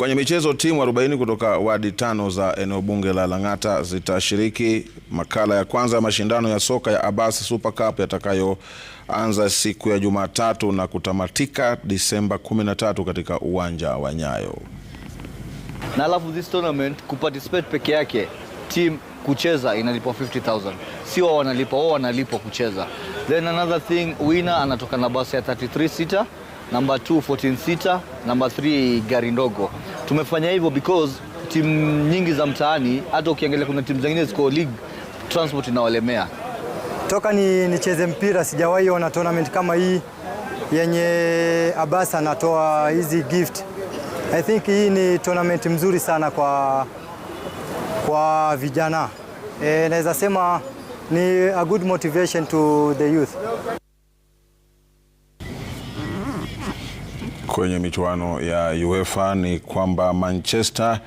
Kwenye michezo, timu 40 kutoka wadi tano za eneo bunge la Lang'ata zitashiriki makala ya kwanza ya mashindano ya soka ya abas Super Cup yatakayoanza siku ya Jumatatu na kutamatika Disemba 13 katika uwanja wa Nyayo. Na alafu this tournament kuparticipate peke yake team kucheza inalipwa 50000 si wao wanalipa, wao wanalipwa kucheza. Then another thing winner anatoka na basi ya 33 sita namba 2 namba 3 gari ndogo. Tumefanya hivyo because timu nyingi za mtaani, hata ukiangalia kuna timu zingine ziko league, transport inawalemea. Toka ni nicheze mpira sijawahi ona tournament kama hii yenye Abasa anatoa hizi gift. I think hii ni tournament mzuri sana kwa, kwa vijana. E, naweza sema ni a good motivation to the youth. kwenye michuano ya UEFA ni kwamba Manchester